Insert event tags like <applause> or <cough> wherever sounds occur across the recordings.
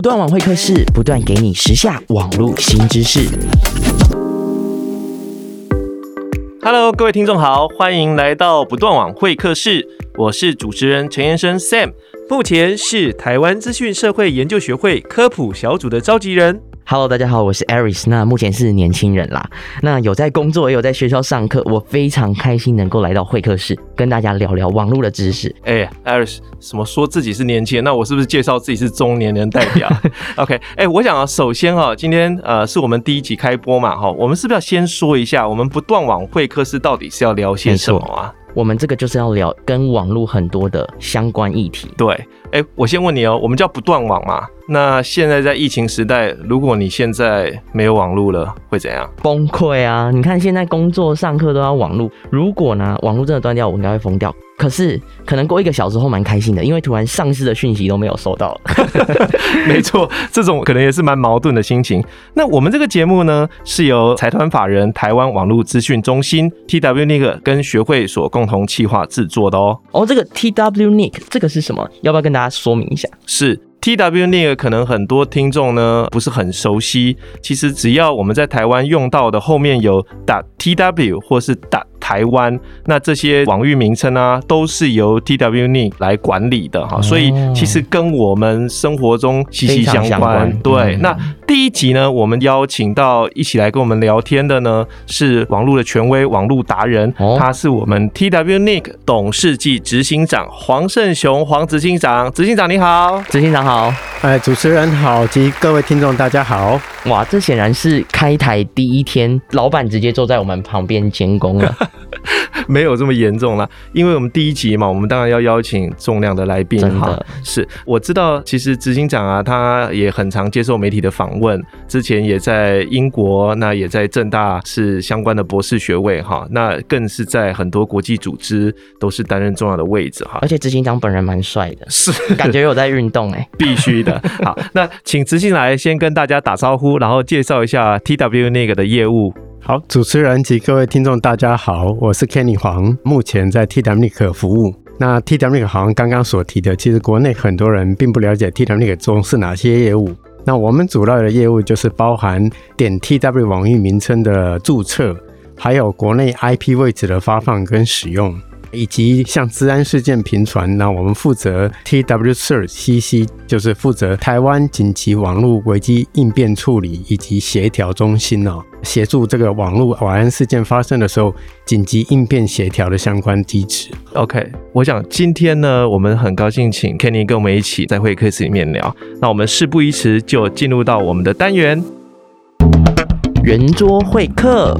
不斷網會客室，不斷給你時下網絡新知識。Hello，各位聽眾好，歡迎來到不斷網會客室，我是主持人陳延生 Sam，目前是台灣資訊社會研究學會科普小組的召集人。Hello，大家好，我是 Ares。那目前是年輕人啦，那有在工作，也有在學校上課。我非常開心能夠來到會客室，跟大家聊聊網絡的知識。哎、欸、，Ares，什麼說自己是年輕人？那我是不是介紹自己是中年人代表 <laughs> ？OK，哎、欸，我想啊，首先啊，今天呃是我們第一集開播嘛，哈，我們是不是要先說一下，我們不斷網會客室到底是要聊些什麼啊？我們這個就是要聊跟網絡很多的相關議題。對，哎、欸，我先問你哦，我們叫不斷網嘛？那現在在疫情時代，如果你現在沒有網絡了，會怎樣？崩潰啊！你看現在工作、上課都要網絡，如果呢，網絡真的斷掉，我們應該會瘋掉。可是可能過一個小時後蠻開心的，因為突然上市的訊息都沒有收到。 <laughs> 沒錯，這種可能也是蠻矛盾的心情。那我們這個節目呢，是由財團法人台灣網絡資訊中心 TWNIC 跟學會所共同企劃制作的哦、喔。哦，這個 TWNIC 這個是什麼？要不要跟大家說明一下？是 TWNIC，可能很多聽眾呢不是很熟悉。其實只要我們在台灣用到的，後面有打 tw 或是打。台灣，那這些網域名稱啊，都是由 T W NIC 來管理的哈、哦，所以其實跟我們生活中息息相關。相關。對、嗯，那第一集呢，我們邀請到一起來跟我們聊天的呢，是網絡的權威、網絡達人、哦，他是我們 T W NIC 董事暨執行長黃勝雄，黃執行長，執行長你好，執行長好，哎，主持人好及各位聽眾大家好，哇，這顯然是開台第一天，老闆直接坐在我們旁邊監工了。 <laughs> <laughs> 沒有這麼嚴重了，因為我們第一集嘛，我們當然要邀請重量的來賓。好，是我知道，其實執行長啊，他也很常接受媒體的訪問，之前也在英國，那也在政大是相關的博士學位哈，那更是在很多國際組織都是擔任重要的位置哈。而且執行長本人蠻帥的，是 <laughs> 感覺有在運動哎、欸，必須的。好，那請執行來先跟大家打招呼， <laughs> 然後介紹一下 T W NIC 的業務。好，主持人及各位聽眾，大家好，我是 Kenny 黃，目前在 TWNIC 服務。那 TWNIC 好像剛剛所提的，其實國內很多人並不了解 TWNIC 中，是哪些業務。那我們主要的業務就是包含點 T W 網域名稱的註冊，還有國內 I P 位置的發放跟使用。以及像資安事件頻傳，我們負責 TWCERT/CC 就是負責台灣緊急網絡危機應變處理以及協調中心哦，協助這個網絡保安事件發生的時候，緊急應變協調的相關機制。OK，我想今天呢，我們很高興請 Kenny 跟我們一起在會客室裡面聊。那我們事不宜遲，就進入到我們的單元圓桌會客。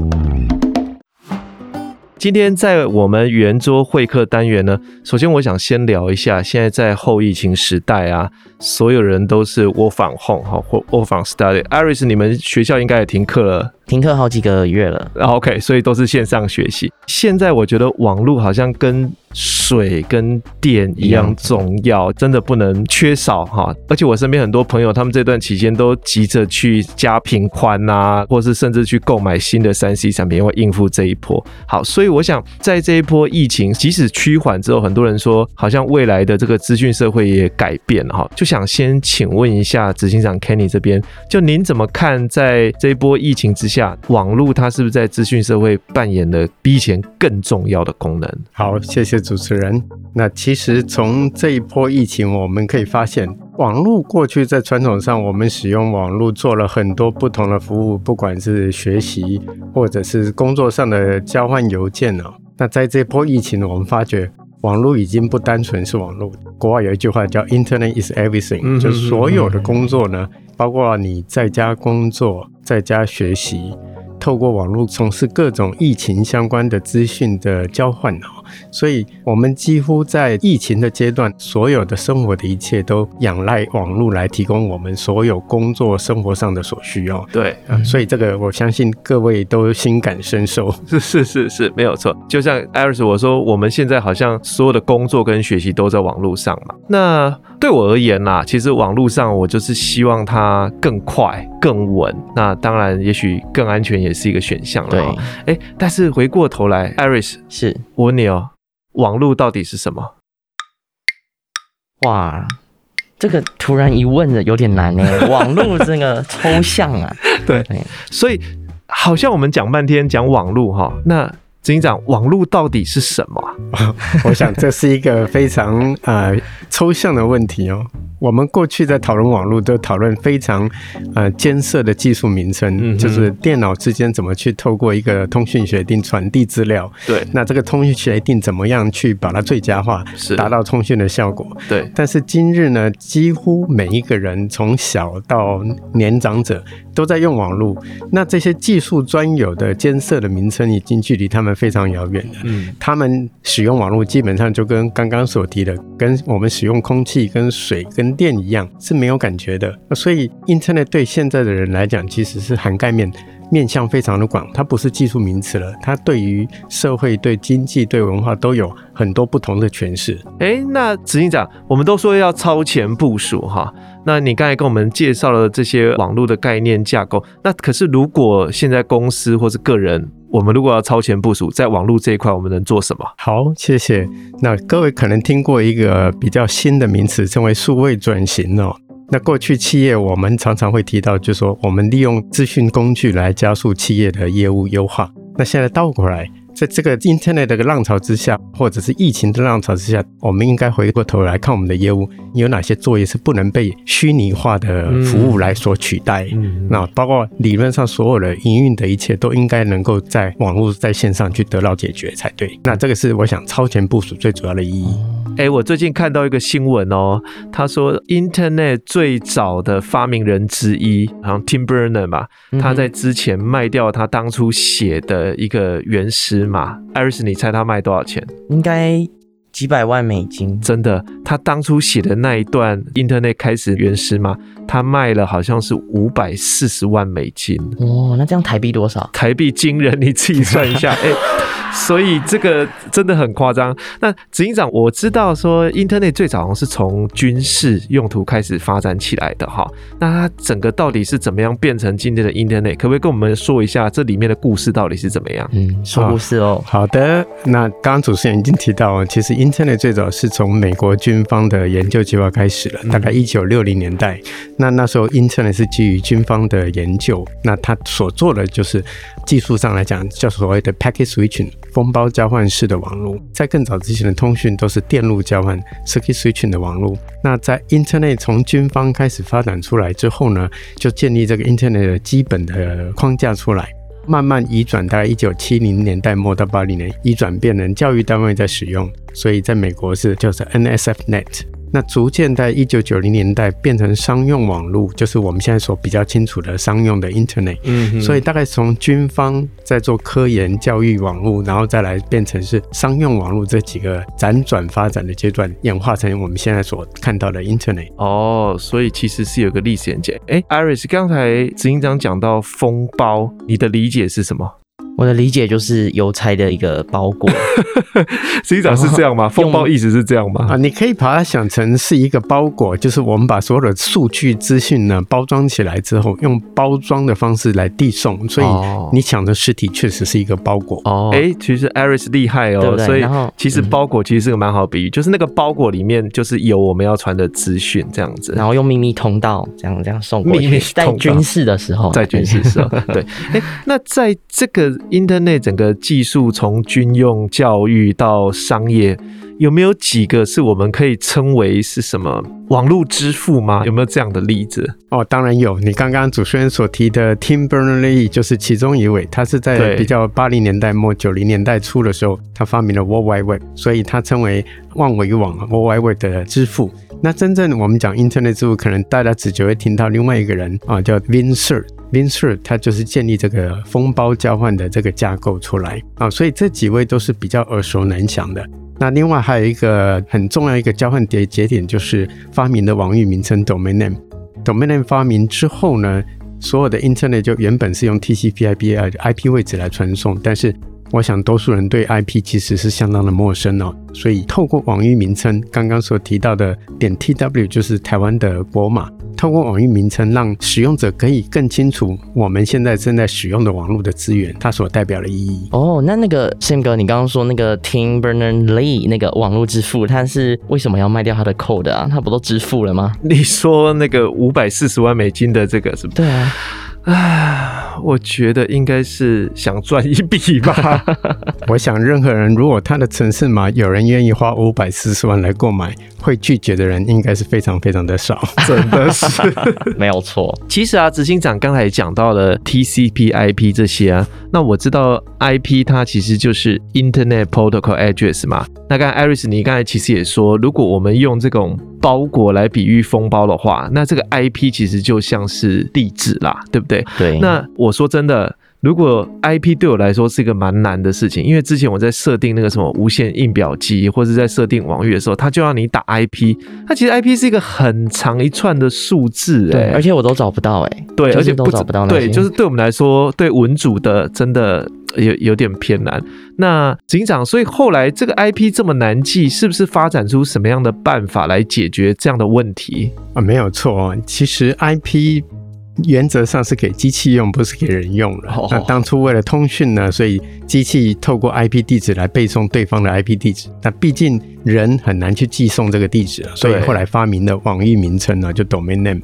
今天在我們圓桌會客單元呢，首先我想先聊一下，現在在後疫情時代啊，所有人都是我放 home, “我返 home” 哈或“我返 study”。Ares 你們學校應該也停課了，停課好幾個月了，然後 OK，所以都是線上學習。現在我覺得網絡好像跟。水跟電一樣重要，真的不能缺少哈。而且我身邊很多朋友，他們這段期間都急着去加頻寬啊，或是甚至去購買新的三 C 產品，因為應付這一波。好，所以我想在這一波疫情，即使趨緩之後，很多人說好像未來的這個資訊社會也改變了哈。就想先請問一下執行長 Kenny 這邊，就您怎麼看在這一波疫情之下，網絡它是不是在資訊社會扮演的比以前更重要的功能？好，謝謝。主持人，那其實從這一波疫情，我們可以發現，網絡過去在傳統上，我們使用網絡做了很多不同的服務，不管是學習或者是工作上的交換郵件了。那在這波疫情，我們發覺網絡已經不單純是網絡。國外有一句話叫 “Internet is everything”，就是所有的工作呢，包括你在家工作、在家學習，透過網絡從事各種疫情相關的資訊的交換。所以，我們幾乎在疫情的階段，所有的生活的一切都仰賴網絡來提供我們所有工作、生活上的所需要。哦，對、呃，所以這個我相信各位都心感深受。是是是是，沒有錯。就像艾瑞斯，我說我們現在好像所有的工作跟學習都在網絡上嘛。那對我而言啦、啊，其實網絡上我就是希望它更快、更穩。那當然，也許更安全也是一個選項了對、欸，但是回過頭來，艾瑞斯是蝸牛。網路到底是什麼？哇，這個突然一問的有點難哎，網路這個抽象啊。 <laughs> 對，對，所以好像我們講半天講網路哈，那執行長，網路到底是什麼？我想這是一個非常 <laughs> 呃抽象的問題哦、喔。我們過去在討論網絡，都討論非常呃艱澀的技術名稱。嗯嗯，就是電腦之間怎麼去透過一個通訊協定傳遞資料。對，那這個通訊協定怎麼樣去把它最佳化是，達到通訊的效果？對。但是今日呢，幾乎每一個人從小到年長者。都在用網絡，那這些技術專有的監測的名稱已經距離他們非常遙遠了。嗯，他們使用網絡基本上就跟剛剛所提的，跟我們使用空氣、跟水、跟電一樣是沒有感覺的。所以，internet 對現在的人來講，其實是涵蓋面面向非常的廣，它不是技術名詞了，它對於社會、對經濟、對文化都有很多不同的詮釋。誒、欸，那執行長，我們都說要超前部署哈。那你剛才跟我們介紹了這些網絡的概念架構，那可是如果現在公司或是個人，我們如果要超前部署在網絡這一塊，我們能做什麼？好，謝謝。那各位可能聽過一個比較新的名詞，稱為數位轉型喔。那過去企業我們常常會提到，就是說我們利用資訊工具來加速企業的業務優化。那現在倒過來。在這個 Internet 的浪潮之下，或者是疫情的浪潮之下，我們應該回過頭來看我們的業務，有哪些作業是不能被虛擬化的服務來所取代？嗯、那包括理論上所有的營運的一切都應該能夠在網絡在線上去得到解決才對。那這個是我想超前部署最主要的意義。哎、欸，我最近看到一個新聞哦、喔，他說 Internet 最早的發明人之一，好像 Tim Berner 吧、嗯，他在之前賣掉他當初寫的一個原始。嘛，艾瑞斯，你猜他賣多少錢？應該。幾百萬美金，真的，他當初寫的那一段 Internet 開始原始碼，他賣了好像是五百四十萬美金，哦。那這樣台幣多少？台幣驚人，你自己算一下，哎、 <laughs> 欸，所以這個真的很誇張。那執行長，我知道說 Internet 最早好像是從軍事用途開始發展起來的哈，那它整個到底是怎麼樣變成今天的 Internet？可不可以跟我們說一下這裡面的故事到底是怎麼樣？嗯，說故事哦。好的，那剛剛主持人已經提到，其實 In Internet 最早是從美國軍方的研究計劃開始了，大概一九六零年代、嗯。那那時候 Internet 是基於軍方的研究，那他所做的就是技術上來講叫所謂的 packet switching 封包交換式的網絡。在更早之前的通訊都是電路交換 circuit switching 的網絡。那在 Internet 從軍方開始發展出來之後呢，就建立這個 Internet 的基本的框架出來。慢慢移轉，到一九七零年代末到八零年，一轉變成教育單位在使用，所以在美國是就是 NSF Net。那逐漸在一九九零年代變成商用網絡，就是我們現在所比較清楚的商用的 Internet。嗯，所以大概從軍方在做科研教育網絡，然後再來變成是商用網絡這幾個輾轉發展的階段，演化成我們現在所看到的 Internet。哦，所以其實是有個歷史研究。欸，Iris，剛才執行長講到封包，你的理解是什麼？我的理解就是郵差的一個包裹， <laughs> 實際上是這樣嗎？封包一直是這樣嗎？啊，你可以把它想成是一個包裹，就是我們把所有的數據資訊呢包裝起來之後，用包裝的方式來遞送。所以你講的實體確實是一個包裹哦、欸。哎，其實 Ares 厲害哦、喔，對，對，所以其實包裹其實是個蠻好比喻，嗯、就是那個包裹裡面就是有我們要傳的資訊這樣子。然後用秘密通道這樣這樣送過去，在軍，在軍事的時候，在軍事時候，對。哎、欸，那在這個。Internet 整個技術從軍用、教育到商業。有沒有幾個是我們可以稱為是什麼網路之父嗎？有沒有這樣的例子？哦，當然有。你剛剛主持人所提的 Tim Berners-Lee 就是其中一位，他是在比較八零年代末九零年代初的時候，他發明了 World Wide Web，所以他稱為萬維網 World Wide Web 的之父，那真正我們講 Internet 之父，可能大家只只會聽到另外一個人啊、哦，叫 Vint Cerf Vint Cerf，他就是建立這個封包交換的這個架構出來啊、哦，所以這幾位都是比較耳熟能詳的。那另外還有一個很重要一個交換的節點，就是發明的網域名稱 domain name。domain name 發明之後呢，所有的 Internet 就原本是用 TCP/IP 的 IP 位置來傳送，但是我想多數人對 IP 其實是相當的陌生哦，所以透過網域名稱，剛剛所提到的點 T W 就是台灣的國碼。透過網域名稱，讓使用者可以更清楚我們現在正在使用的網絡的資源，它所代表的意義。哦，Oh，那那個 Sam 哥，你剛剛說那個 Tim Berners-Lee 那個網絡之父，他是為什麼要賣掉他的 code 啊？他不都支付了嗎？你說那個五百四十萬美金的這個是吧？對啊。啊，我覺得應該是想賺一筆吧 <laughs> 我想任何人，如果他的城市碼有人願意花五百四十萬來購買，會拒絕的人應該是非常非常的少，真的是 <laughs> 沒有錯。其實啊，執行長剛才講到了 TCP/IP 這些啊，那我知道 IP 它其實就是 Internet Protocol Address 嘛。那剛剛艾瑞斯，你剛才其實也說，如果我們用這種包裹來比喻封包的話，那這個 IP 其實就像是地址啦，對不對？對。那我說真的。如果 IP 對我來說是一個蠻難的事情，因為之前我在設定那個什麼無線印表機，或者在設定網域的時候，它就要你打 IP，它其實 IP 是一個很長一串的數字、欸，對，而且我都找不到、欸，哎，對，而且都找不到，對，就是對我們來說，對文組的真的有有點偏難。那執行長，所以後來這個 IP 這麼難記，是不是發展出什麼樣的辦法來解決這樣的問題啊？沒有錯，其實 IP。原則上是給機器用，不是給人用的、oh. 那當初為了通訊呢，所以機器透過 IP 地址來背送對方的 IP 地址。那畢竟人很難去寄送這個地址，所以後來發明的網域名稱呢，就 domain name。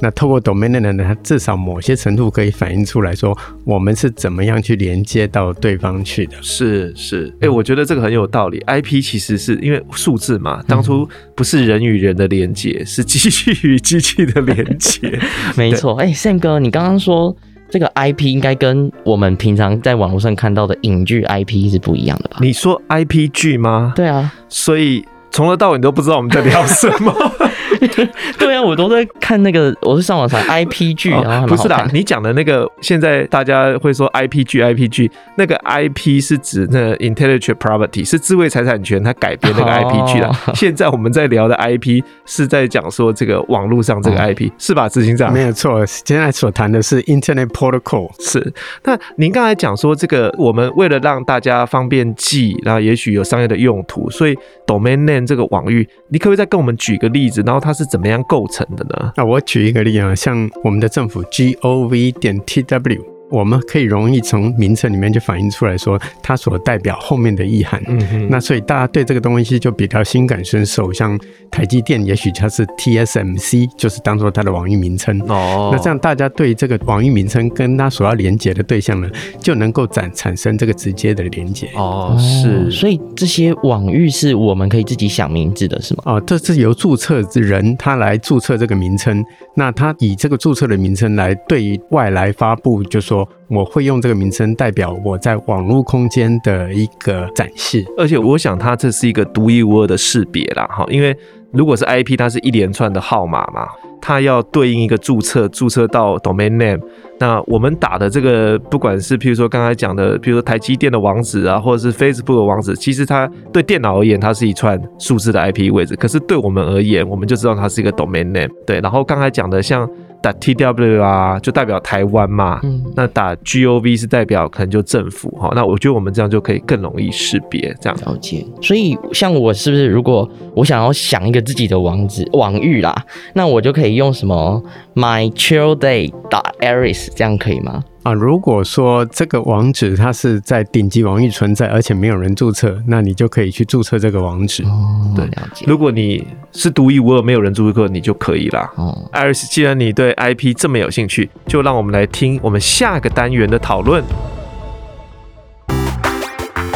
那透過 domain name 呢，它至少某些程度可以反映出來說我們是怎麼樣去連接到對方去的。是是，哎、欸嗯，我覺得這個很有道理。IP 其實是因為數字嘛，當初不是人與人的連接、嗯，是機器與機器的連接。 <laughs> 沒錯，哎。欸 Sam 哥，你剛剛說這個 IP 應該跟我們平常在網絡上看到的影劇 IP 是不一樣的吧？你說 IP 劇嗎？對啊，所以從頭到尾你都不知道我們在聊什麼。 <laughs> <laughs> <laughs> 對啊，我都在看那個，我是上網查 IP 劇啊，oh, 不是的， <laughs> 你講的那個現在大家會說 IP 劇，IP 劇那個 IP 是指那 intellectual property 是智慧財產權，它改變那個 IP 劇了。Oh. 現在我們在聊的 IP 是在講說這個網絡上這個 IP，oh. 是吧，執行長？沒有錯，現在所談的是 Internet Protocol。是，那您剛才講說這個，我們為了讓大家方便記，然後也許有商業的用途，所以 domain name 這個網域，你可不可以再跟我們舉個例子？然後他。它是怎麼樣構成的呢？那、啊、我舉一個例啊，像我們的政府 GOV 點 TW。我們可以容易從名稱裡面就反映出來說它所代表後面的意涵。嗯哼。那所以大家對這個東西就比較心感身受，像台積電也許它是 TSMC，就是當作它的網域名稱。哦。那這樣大家對這個網域名稱跟它所要連接的對象呢，就能夠展產生這個直接的連接。哦，是。所以這些網域是我們可以自己想名字的，是嗎？哦，這是由註冊人他來註冊這個名稱，那他以這個註冊的名稱來對外來發布，就是說。我會用這個名稱代表我在網絡空間的一個展示，而且我想它這是一個獨一無二的識別啦。哈，因為如果是 IP，它是一連串的號碼嘛，它要對應一個註冊，註冊到 domain name。那我們打的這個，不管是譬如說剛才講的，比如說台積電的網址啊，或者是 Facebook 的網址，其實它對電腦而言，它是一串數字的 IP 位置，可是對我們而言，我們就知道它是一個 domain name。對，然後剛才講的像。打 T W 啊，就代表台灣嘛。嗯，那打 G O V 是代表可能就政府哈。那我覺得我們這樣就可以更容易識別。這樣，了解，所以像我是不是如果我想要想一個自己的網址網域啦，那我就可以用什麼 My Chill Day 打 Ares 這樣可以嗎？啊，如果說這個網址它是在頂級網域存在，而且沒有人注冊，那你就可以去注冊這個網址。哦、嗯，了解。如果你是獨一無二、沒有人注冊過，你就可以啦。哦、嗯，艾瑞斯，既然你對 IP 這麼有興趣，就讓我們來聽我們下個單元的討論。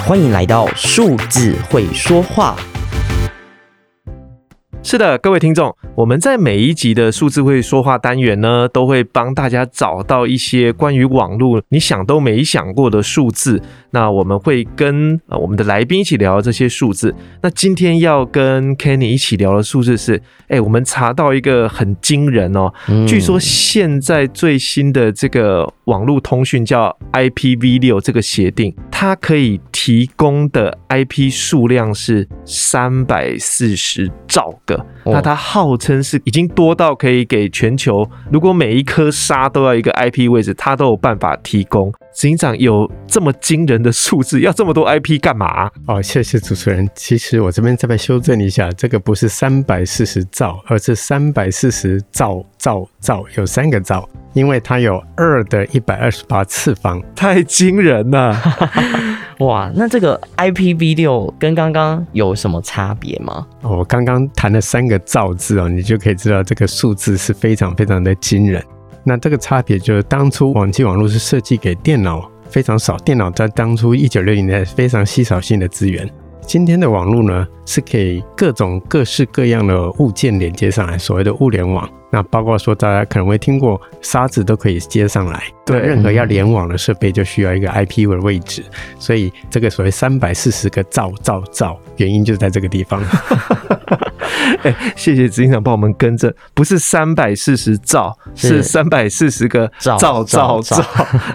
歡迎來到數字會說話。是的，各位聽眾，我們在每一集的數字會說話單元呢，都會幫大家找到一些關於網絡你想都沒想過的數字。那我們會跟我們的來賓一起聊這些數字。那今天要跟 Kenny 一起聊的數字是，哎、欸，我們查到一個很驚人哦、喔嗯，據說現在最新的這個網絡通訊叫 IPv6 這個協定，它可以提供的 IP 數量是三百四十兆個。那它號稱是已經多到可以給全球，如果每一顆沙都要一個 IP 位置，他都有辦法提供。警長，有這麼驚人的數字，要這麼多 IP 幹嘛？哦，謝謝主持人。其實我這邊這邊修正一下，這個不是三百四十兆，而是三百四十兆兆兆，有三個兆，因為它有二的一百二十八次方，太驚人了。 <laughs> 哇，那這個 IPv6 跟剛剛有什麼差別嗎？我剛剛談了三個兆字哦，你就可以知道這個數字是非常非常的驚人。那這個差別就是當初網際網路是設計給電腦非常少，電腦在當初一九六零年代非常稀少性的資源。今天的網絡呢，是可以各種各式各樣的物件連接上來，所謂的物聯網。那包括說，大家可能會聽過沙子都可以接上來，對，對任何要聯網的設備就需要一個 IP 的位置，嗯、所以這個所謂三百四十個兆兆兆，原因就在這個地方。哎、 <laughs> <laughs> 欸，謝謝執行長幫我們更正，不是三百四十兆，是三百四十個兆兆兆兆兆。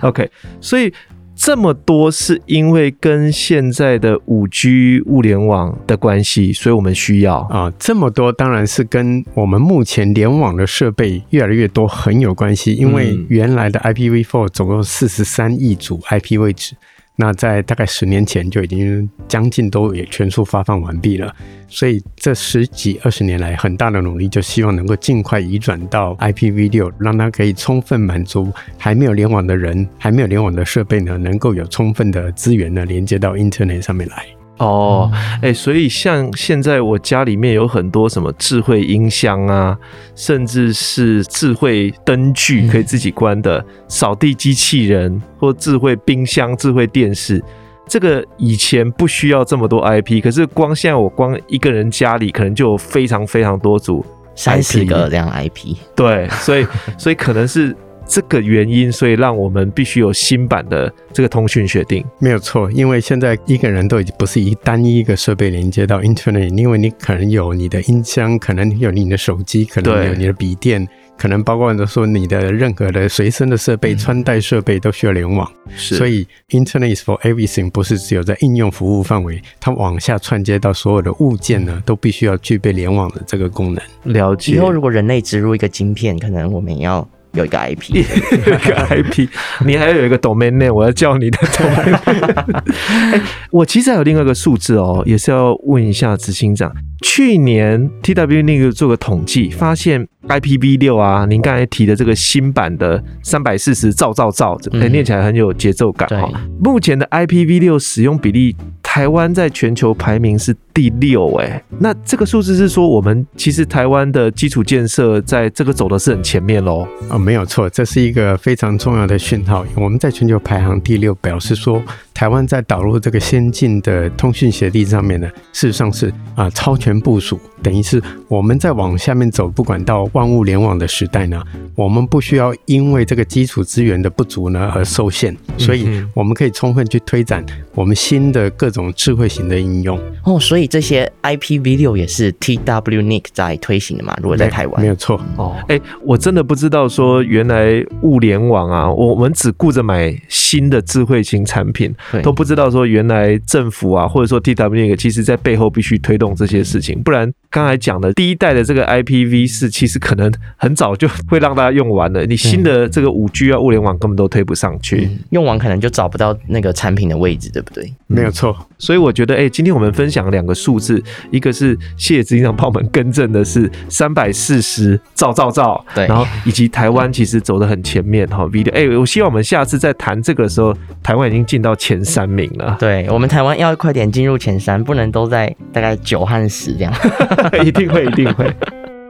OK，所以。這麼多是因為跟現在的五 G 物聯網的關係，所以我們需要啊、呃、這麼多，當然是跟我們目前聯網的設備越來越多很有關係，因為原來的 IPv4 總共四十三億組、嗯、IP 位置。那在大概十年前就已經將近都也全數發放完畢了，所以這十幾二十年來，很大的努力就希望能夠盡快移轉到 IPv6，讓它可以充分滿足還沒有聯網的人、還沒有聯網的設備呢，能夠有充分的資源呢，連接到 Internet 上面來。哦，哎、欸，所以像現在我家裡面有很多什麼智慧音箱啊，甚至是智慧燈具可以自己關的，嗯、掃地機器人或智慧冰箱、智慧電視，這個以前不需要這麼多 IP，可是光現在我光一個人家裡可能就有非常非常多組三十個這樣 IP，對，所以所以可能是。這個原因，所以讓我們必須有新版的這個通訊協定，沒有錯。因為現在一個人都已經不是以單一一個設備連接到 Internet，因為你可能有你的音箱，可能有你的手機，可能有你的筆電，可能包括說你的任何的隨身的設備、嗯、穿戴設備都需要聯網。是。所以 Internet is for Everything 不是只有在應用服務範圍，它往下串接到所有的物件呢、嗯，都必須要具備聯網的這個功能。了解。以後如果人類植入一個晶片，可能我們要。有一個 IP， <laughs> 有一個 IP， <laughs> 你還要有一個 domain name，我要叫你的 domain name、 <laughs> 欸。我其實還有另外一個數字哦，也是要問一下執行長。去年 T W 那個做個統計，發現 I P V 六啊，您剛才提的這個新版的三百四十兆兆兆，哎、欸嗯，念起來很有節奏感、哦、目前的 I P V 六使用比例。台灣在全球排名是第六，哎，那這個數字，是說，我們其實台灣的基礎建設在這個走的是很前面嘍，啊，沒有錯，這是一個非常重要的訊號。我們在全球排行第六，表示說。台灣在導入這個先進的通訊協議上面呢，事實上是啊超前部署，等於是我們再往下面走，不管到萬物聯網的時代呢，我們不需要因為這個基礎資源的不足呢而受限，所以我們可以充分去推展我們新的各種智慧型的應用哦。所以這些 IPv6 也是 TWNIC 在推行的嘛？如果在台灣，欸，沒有錯哦。哎、欸，我真的不知道說原來物聯網啊，我們只顧着買新的智慧型產品。都不知道說原來政府啊，或者說 TWNIC 其實在背後必須推動這些事情，不然剛才講的第一代的這個 IPv4，其實可能很早就會讓大家用完了。你新的這個五 G 啊，物聯網根本都推不上去。嗯嗯，用完可能就找不到那個產品的位置，對不對？嗯、沒有錯。所以我覺得，哎、欸，今天我們分享兩個數字，一個是謝執行長幫我們更正的是三百四十兆兆兆，對。然後以及台灣其實走得很前面哈，V6。哎，我希望我們下次再談這個的時候，台灣已經進到前。三名了，對，我們台灣要快點進入前三，不能都在大概九和十這樣。 <laughs> <laughs> 一定會，一定會。 <laughs>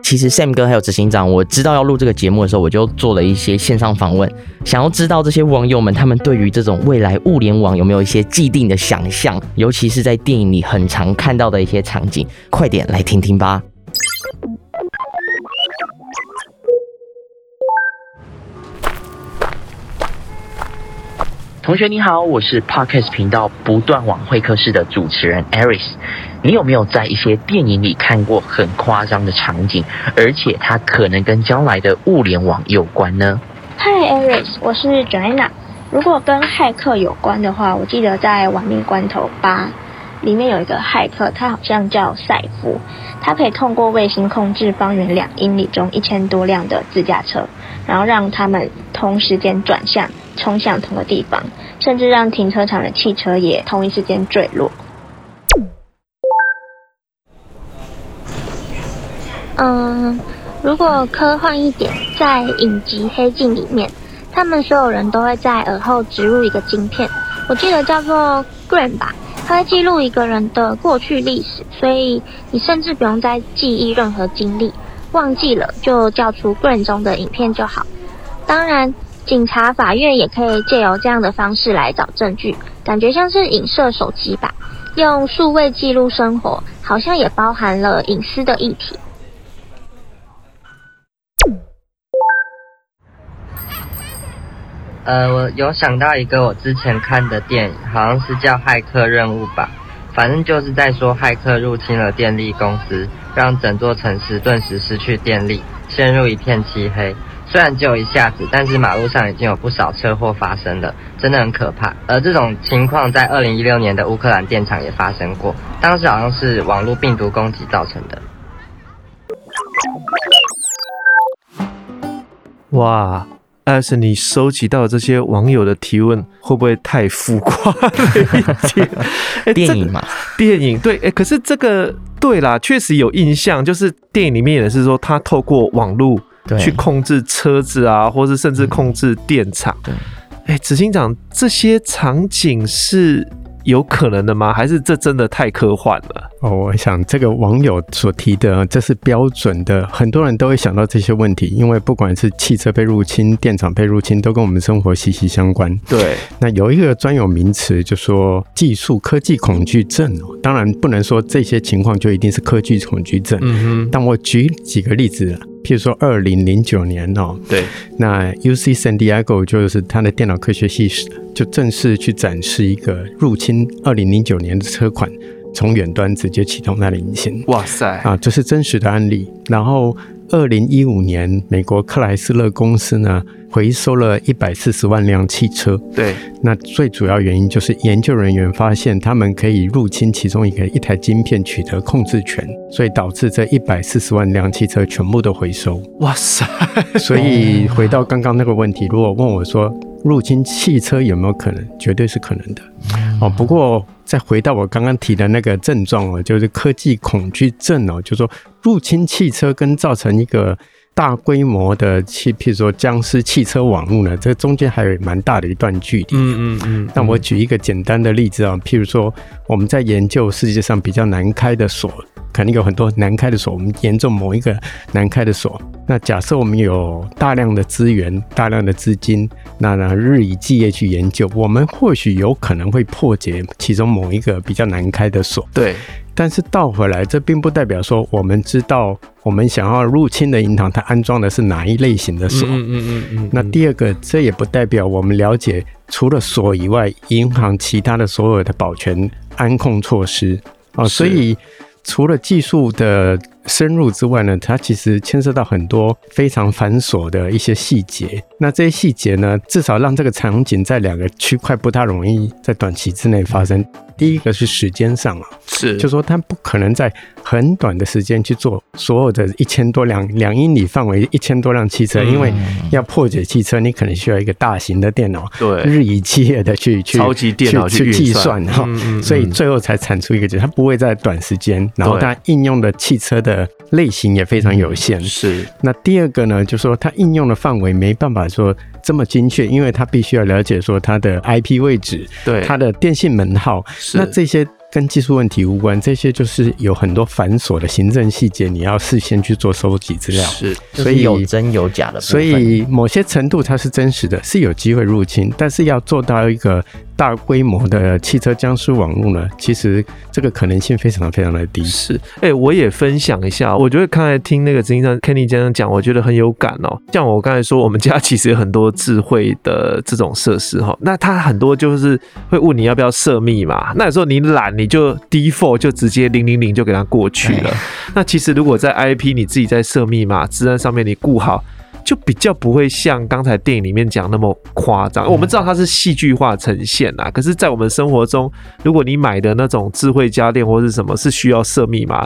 其實 Sam 哥還有執行長，我知道要錄這個節目的時候，我就做了一些線上訪問，想要知道這些網友們他們對於這種未來物聯網有沒有一些既定的想象，尤其是在電影裡很常看到的一些場景，快點來聽聽吧。同學你好，我是 Podcast 頻道不斷網會客室的主持人 Ares。你有沒有在一些電影裡看過很誇張的場景，而且它可能跟將來的物聯網有關呢？Hi Ares，我是 Joanna。如果跟駭客有關的話，我記得在《玩命關頭八》裡面有一個駭客，他好像叫賽夫，他可以通過衛星控制方圓兩英里中一千多輛的自駕車，然後讓他們同時間轉向。衝向同個地方，甚至讓停車場的汽車也同一時間墜落。嗯，如果科幻一點，在《影集黑鏡》裡面，他們所有人都會在耳後植入一個晶片，我記得叫做 Grain 吧，它會記錄一個人的過去歷史，所以你甚至不用再記憶任何經歷，忘記了就叫出 Grain 中的影片就好。當然。警察、法院也可以借由這樣的方式來找證據，感覺像是影射手機吧。用數位記錄生活，好像也包含了隱私的議題。呃，我有想到一個我之前看的電影，好像是叫《駭客任務》吧。反正就是在說駭客入侵了電力公司，讓整座城市頓時失去電力，陷入一片漆黑。雖然就一下子，但是馬路上已經有不少車禍發生了，真的很可怕。而這種情況在二零一六年的烏克蘭電廠也發生過，當時好像是網絡病毒攻擊造成的。哇，阿生，你收集到這些網友的提問，會不會太浮誇了一點、 <laughs> 欸？電影嘛，電影對、欸，可是這個對啦，確實有印象，就是電影裡面也是說，他透過網路。去控制車子啊，或是甚至控制電廠。哎、嗯，欸、執行長，這些場景是有可能的嗎？還是這真的太科幻了？哦，我想這個網友所提的，這是標準的，很多人都會想到這些問題，因為不管是汽車被入侵、電廠被入侵，都跟我們生活息息相關。對，那有一個專有名詞，就說技術科技恐懼症、哦。當然不能說這些情況就一定是科技恐懼症。嗯哼，但我舉幾個例子、啊。就是說，二零零九年哦，對，那 U C San Diego 就是它的電腦科學系，就正式去展示一個入侵二零零九年的車款，從遠端直接啟動它的引擎。哇塞啊，這就是真實的案例。然後。二零一五年，美國克萊斯勒公司呢，回收了一百四十萬輛汽車。對，那最主要原因就是研究人員發現，他們可以入侵其中一個一台晶片，取得控制權，所以導致這一百四十萬輛汽車全部都回收。哇塞！ <laughs> 所以回到剛剛那個問題，如果問我說，入侵汽車有沒有可能？絕對是可能的。嗯、哦，不過。再回到我剛剛提的那個症狀哦，就是科技恐懼症哦，就是說入侵汽車跟造成一個大規模的汽，譬如說僵屍汽車網絡呢，這中間還有蠻大的一段距離。嗯嗯嗯。那我舉一個簡單的例子啊，譬如說我們在研究世界上比較難開的鎖，肯定有很多難開的鎖，我們研究某一個難開的鎖。那假設我們有大量的資源，大量的資金。那日以繼夜去研究，我們或許有可能會破解其中某一個比較難開的鎖。對，但是倒回來，這並不代表說我們知道我們想要入侵的銀行它安裝的是哪一類型的鎖。嗯嗯嗯嗯嗯。那第二個，這也不代表我們了解除了鎖以外，銀行其他的所有的保全安控措施啊。哦，所以，除了技術的。深入之外呢，它其實牽涉到很多非常繁瑣的一些細節。那這些細節呢，至少讓這個場景在兩個區塊不太容易在短期之內發生。嗯、第一個是時間上啊，是，就說它不可能在很短的時間去做所有的一千多輛兩英里範圍一千多輛汽車，嗯，因為要破解汽車，你可能需要一個大型的電腦，對，日以繼夜的去去超級電腦去計算哈、嗯嗯嗯，所以最後才產出一個結果。它不會在短時間，然後它應用的汽車的。類型也非常有限。嗯，是。那第二個呢，就是說它應用的範圍沒辦法說這麼精確，因為它必須要了解說它的 IP 位置，對，它的電信門號，那這些。跟技術問題無關，這些就是有很多繁瑣的行政細節，你要事先去做收集資料，是，所、就、以、是、有真有假的，所以某些程度它是真實的是有機會入侵，但是要做到一個大規模的汽車殭屍網絡呢、嗯，其實這個可能性非常非常的低。是，哎、欸，我也分享一下，我覺得剛才聽那個執行長 Kenny 先生講，我覺得很有感哦、喔。像我剛才說，我們家其實有很多智慧的這種設施哈、喔，那他很多就是會問你要不要設密嘛，那有時候你懶。你就 default 就直接零零零就給它過去了。那其實如果在 IP 你自己在設密碼、指紋上面你顧好，就比較不會像剛才電影裡面講那麼誇張。嗯。我們知道它是戲劇化呈現啊，可是，在我們生活中，如果你買的那種智慧家電或是什麼是需要設密碼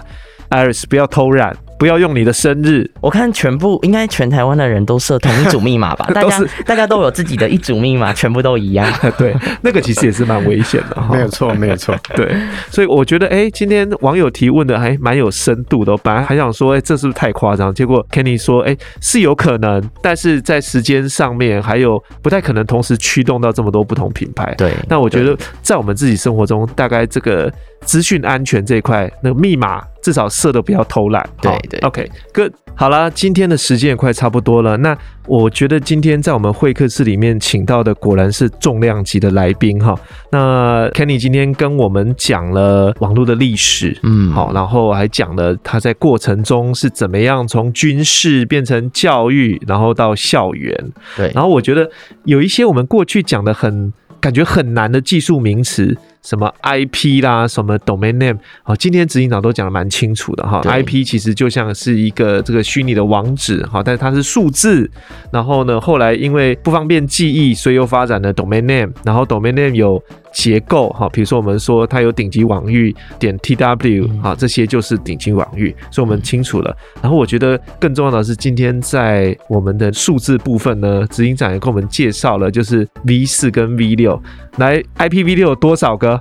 ，Ares 不要偷懶。不要用你的生日。我看全部應該全台灣的人都設同一組密碼吧？ <laughs> 大家大家都有自己的一組密碼， <laughs> 全部都一樣 <laughs> 對，那個其實也是蠻危險的 <laughs> 齁。沒有錯，沒有錯。對，所以我覺得，哎、欸，今天網友提問的還蠻有深度的。本來還想說，哎、欸，這是不是太誇張？結果 Kenny 說，哎、欸，是有可能，但是在時間上面還有不太可能同時驅動到這麼多不同品牌。對。那我覺得，在我們自己生活中，大概這個資訊安全這一塊，那個密碼。至少射的不要偷懶，對對，OK，d、okay, 好啦，今天的時間也快差不多了。那我覺得今天在我們會客室裡面請到的果然是重量級的來賓哈。那 Kenny 今天跟我們講了網絡的歷史，嗯，好，然後還講了他在過程中是怎麼樣從軍事變成教育，然後到校園，對。然後我覺得有一些我們過去講的很感覺很難的技術名詞。什麼 IP 啦，什麼 domain name，好，今天執行長都講的蠻清楚的哈。IP 其實就像是一個這個虛擬的網址哈，但是它是數字。然後呢，後來因為不方便記憶，所以又發展了 domain name。然後 domain name 有結構哈，比如說我們說它有頂級網域點 tw 啊，這些就是頂級網域，所以我們清楚了。然後我覺得更重要的是，今天在我們的數字部分呢，執行長也跟我們介紹了就是 V 四跟 V 六。來，IPv 六有多少個？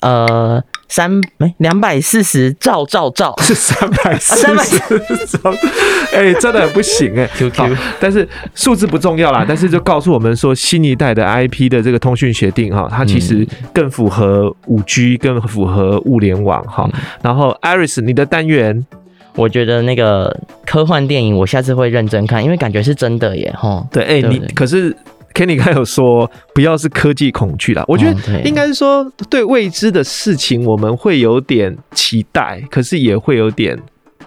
呃，三沒兩百四十兆兆兆是三百四十兆，哎、啊 <laughs> 欸，真的很不行哎、欸、，QQ。 <laughs> 但是數字不重要啦， <laughs> 但是就告訴我們說，新一代的 IP 的這個通訊協定哈，它其實更符合五 G，更符合物聯網哈、嗯。然後，Ares，你的單元，我覺得那個科幻電影，我下次會認真看，因為感覺是真的耶，哈。對，哎、欸，你可是。Kenny 剛有說不要是科技恐懼啦，我覺得應該是說，對未知的事情我們會有點期待，可是也會有點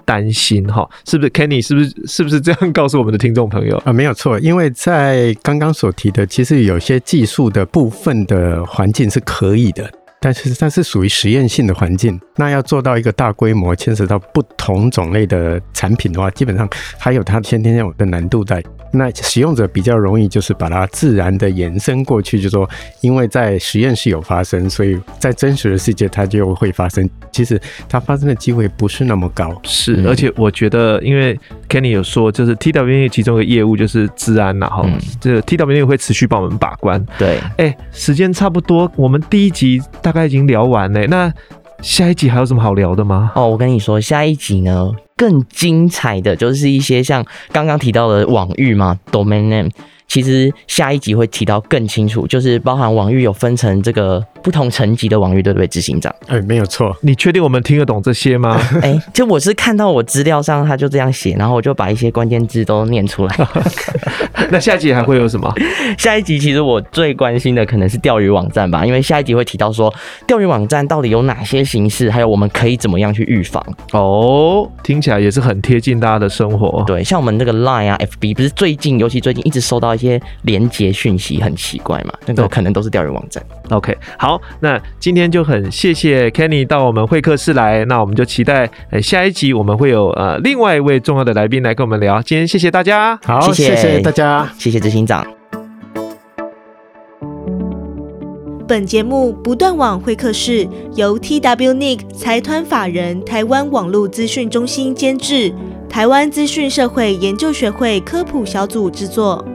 擔心哈，是不是 Kenny？是不是是不是這樣告訴我們的聽眾朋友啊、哦？沒有錯，因為在剛剛所提的，其實有些技術的部分的環境是可以的，但是它是屬於實驗性的環境。那要做到一個大規模、牽扯到不同種類的產品的話，基本上還有它先天的難度在。那使用者比較容易，就是把它自然的延伸過去，就是說，因為在實驗室有發生，所以在真實的世界它就會發生。其實它發生的機會不是那麼高，是。而且我覺得，因為 Kenny 有說，就是 TWNIC 其中的業務就是資安，然後，這 TWNIC 會持續幫我們把關。對，哎，時間差不多，我們第一集大概已經聊完了、欸、那下一集還有什麼好聊的嗎？哦，我跟你說，下一集呢，更精彩的就是一些像剛剛提到的網域嘛，domain name。其實下一集會提到更清楚，就是包含網域有分成這個不同層級的網域，對不對？執行長，哎、欸，沒有錯。你確定我們聽得懂這些嗎？哎、欸，就我是看到我資料上他就這樣寫，然後我就把一些關鍵字都念出來。 <laughs> <laughs> <laughs> 那下一集還會有什麼？下一集其實我最關心的可能是釣魚網站吧，因為下一集會提到說釣魚網站到底有哪些形式，還有我們可以怎麼樣去預防。哦，聽起來也是很貼近大家的生活。對，像我們這個 Line 啊、FB，不是最近，尤其最近一直收到。一些連結訊息很奇怪嘛，那個、可能都是釣魚網站。OK，好，那今天就很謝謝 Kenny 到我們會客室來，那我們就期待下一集我們會有呃另外一位重要的來賓來跟我們聊。今天謝謝大家，好，謝謝，謝謝大家，謝謝執行長。本節目不斷網會客室由 TWNIC 財團法人台灣網路資訊中心監製，台灣資訊社會研究學會科普小組製作。